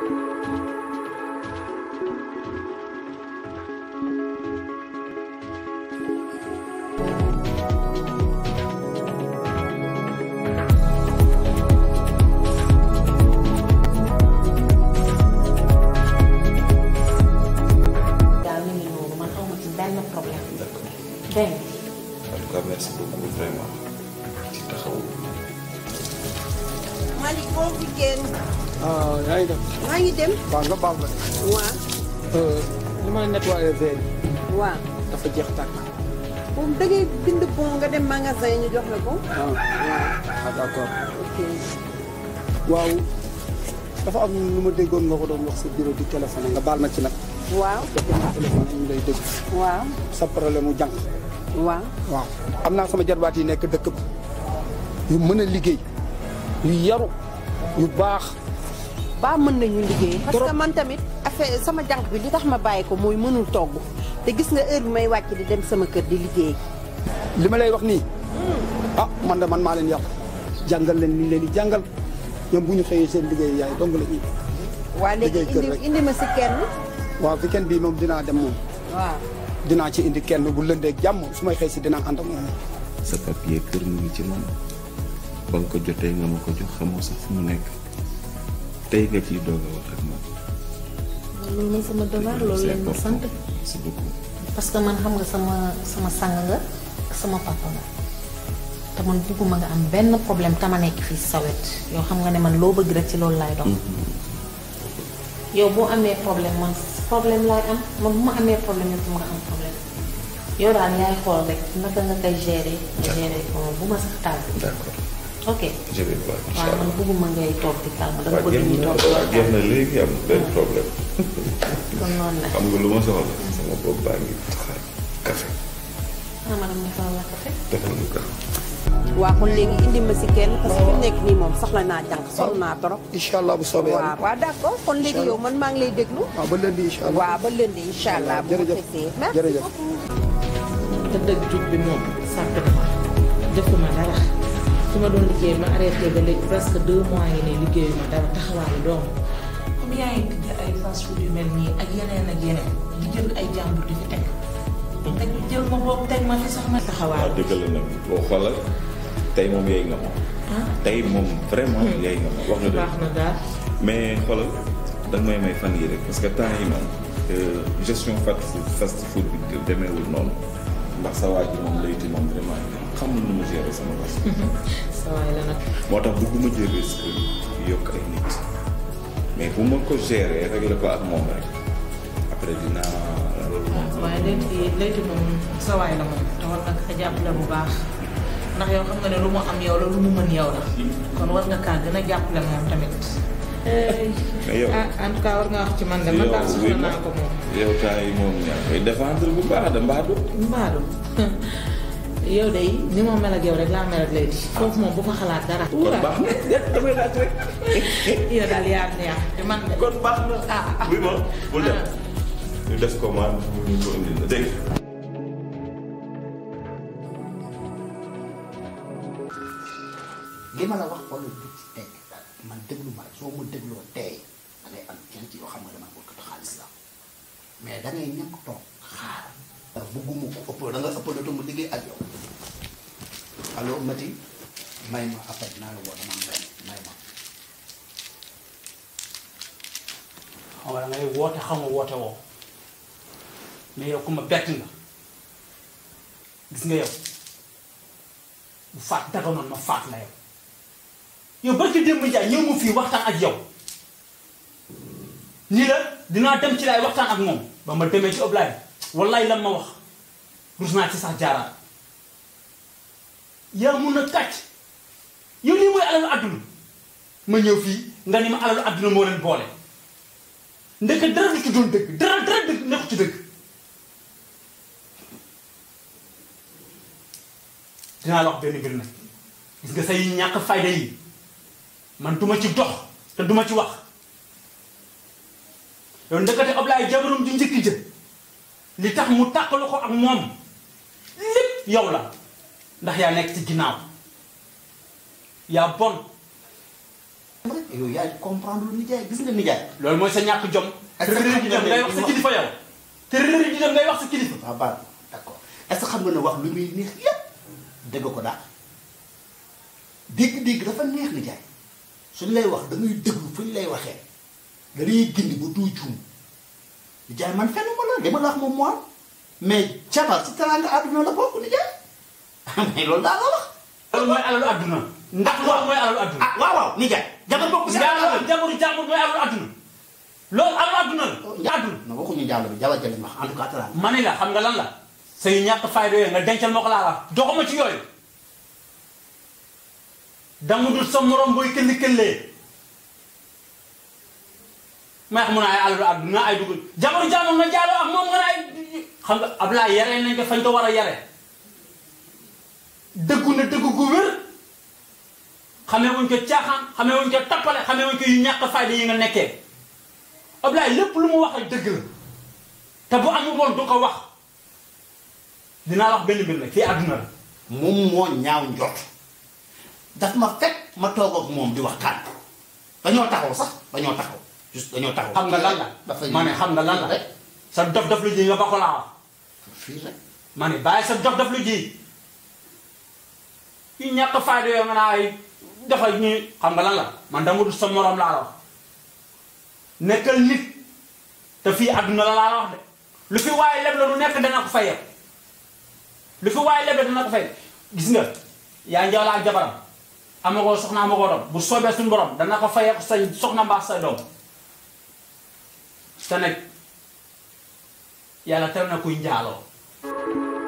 Thank you. Malick boo fi génn. yaa ngi dem. maa waaw nga baal ma de. waaw. li ma nettoyé verre dafa jeex tàkk. moom da bind bon nga dem magasin ñu jox la ko. waaw waaw dafa am lu ma déggoon nga ko doon wax sa bureau di téléphone nga baal ma ci nag. waaw dafa am téléphone sa problème mu jànq. waaw waaw am naa sama jarbaat yi nekk dëkk bi yu mën a liggéey yu yaru. ñu baax. baa mën nañu liggéey. parce man tamit affaire sama jànq bi li tax ma bàyyi ko mooy mënul togg te gis nga heure bi may wàcc di dem sama kër di liggéey. li ma lay wax nii. Hmm. ah man de man maa leen yàq jàngal leen ni leen di jàngal ñoom bu ñu xëyee seen liggéey yaay dong la ñuy. waa léegi indi indi ma si kenn. waaw fi kenn bii moom dinaa dem moom. waaw dinaa ci indi kenn bu lëndee jàmm su may xëy si dinaa ànd ak moom. sa papier kër mu ngi ci moom. ba nga ko jotee nga ma ko jox xamoo sax fu mu nekk tey nga ciy doog a wax sama devoir loolu sant parce que man xam nga sama sama sang sama papa nga te man bëgguma am benn problème tama nekk fii sa wet yow xam nga ne man loo bëgg rek ci loolu laay dox. Mm-hmm. boo amee problème man problème laay man bu ma amee problème yow daal yaay xool rek naka nga koy gérer. nga gérer bu ma sax taal. d'accord. ok je vais voir incha allah ngay toog di calme dama bëgg ñuy toog waaw génn na léegi am benn problème. xam nga lu ma soxla. sama bopp baa ngi taxaw café. ah léegi indi ah. ma si kenn parce que nekk nii moom soxla naa jànq soxla naa trop. incha allah bu soobee yàlla waaw waaw d' accord léegi yow man maa ngi lay déglu. waaw ah, ba lënd incha allah waaw allah. jërëjëf jërëjëf bu ko fesee dëgg jub bi moom sàkk ma defu ma fi ma doon liggéey ma arrêté ba léegi presque deux mois yi ne liggéeyu dara taxawaayu doom comme yaa ngi ay fast food yu mel nii ak yeneen ak yeneen di jël ay jàmbur di fi teg te teg ma fi sax ma tey moom yaay nga ah? moom vraiment hmm. yaay nga moom wax na daal mais xoolal danga may may fan yii rek parce que temps yi moom euh, gestion fast food bi demeewul noonu ndax sa waa moom lay ti moom ko sama bopp. sa waay la nag. moo tax bëgguma jël risque yokk ay nit mais bu ma ko gérer régler ko ak moom rek après dinaa. waaye moom sa la moom te war nga ko jàppale bu baax ndax yow xam nga ne lu mu am yow la lu mu mën yow la kon war nga kaa gën a jàppale moom tamit. mais yow en war nga wax ci man de man daal soxla naa ko moom. yow kaay moom ñaa koy défendre bu baax de mbaadu. mbaadu. yow de ni ma mel ak yow rek laa mel ak léegi. foofu moom bu fa xalaat dara. kon baax na te man. kon baax na ah. ma bul dem. Ah. ñu def commande ñu li ma la wax xoolal bi ci tey man déglu ma soo ma dégloo tey da ngay am jant yoo xam nga dama bëgg xaalis la mais da ñàkk toog xaar. ndax bëgguma ko ëpp da nga ëppalatu mu liggéey ak yow alors Mati may ma après naa la woo dama xam nga woote xam nga woote woo mais yow ku ma bett nga gis nga yow bu faat daganoon ma faat la yow yow barki démb Ndiaye ñëw mu fii waxtaan ak yow nii la dinaa dem ci laay waxtaan ak moom ba ma demee ci oblaay wallaay lan ma wax rus naa ci sax jaaraat yaa mun na kàcc yow lii mooy alalu àdduna ma ñëw fii nga ni ma alalu àdduna moo leen boole ndeke dara du ci doon dëgg dara dara dëgg nekku ci dëgg dinaa la wax benn mbir nag gis nga say ñàkk fayda yi man duma ci dox te duma ci wax yow ndekete Ablaye jabaram ju njëkk jë li tax mu tàqalu ko ak moom lépp yow la ndax yaa nekk ci ginnaaw yaa bon. yow yaa comprendre lu nijaay gis nga nijaay. loolu mooy sa ñàkk jom. ak sa xam ne ngay wax te réer yi dem ngay wax sa kilifa. waaw ah, baax d' que xam nga ne wax lu muy neex yépp dégg ko daal dégg-dégg dafa neex nijaay suñ lay wax da ngay fuñ lay waxee da ngay gindi bu tuuti juum. nijaay man fenn ma la li ma la wax moom moo am mais jabar si teraanga àdduna la bokk nijaay mais loolu daal la wax. loolu mooy alalu àdduna. ndax loolu mooy alalu àdduna. ah waaw waaw nijaay. jabar bokk si alalu jabaru jàmbur mooy alalu àdduna. loolu alalu àdduna la. Oh, àdduna non waxuñu jàll bi jabar jëlee wax en tout cas teraanga. ma ne la xam nga lan la. say ñàkk fayda yooyu nga dencal ma ko laa la doxuma ci yooyu. dama dul sa morom booy këll këllee. may mun naa ay alalu àdduna ay dugg jabaru jàmm nga jaaloo ak moom nga ne ay xam nga Ablaye yare nañ ko fañ ko war a yare dëggu na dëgg gu wér xamee wuñ ko caaxaan xamee wuñ ko tappale xamee wuñ ko yu ñàkk fayda yi nga nekkee Ablaye lépp lu mu wax ak dëgg la te bu amul woon du ko wax dinaa wax benn mbir nag fii àdduna la. moom moo ñaaw njot daf ma fekk ma toog ak moom di waxtaan dañoo taxaw sax dañoo taxaw. juste dañoo taxaw xam nga lan la. dafa ma ne xam nga lan la rek. Eh? sa dof dof lu ji nga ba ko laa fii rek ma sa dof dof ji yu ñàkk a fayda yoo nga naa ay dafa ñuy xam nga lan la man dama dul sa morom laa la nekkal nit te fii àdduna la laa la de lu fi waaye leb la lu nekk dana ko fayal lu fi waaye fay gis nga yaa ngi laa jabaram. ama ko soxna ama ko doom bu soobee suñu borom dana ko fayal sa soxna mbaa sa doom. te nag yàlla na kuy njaaloo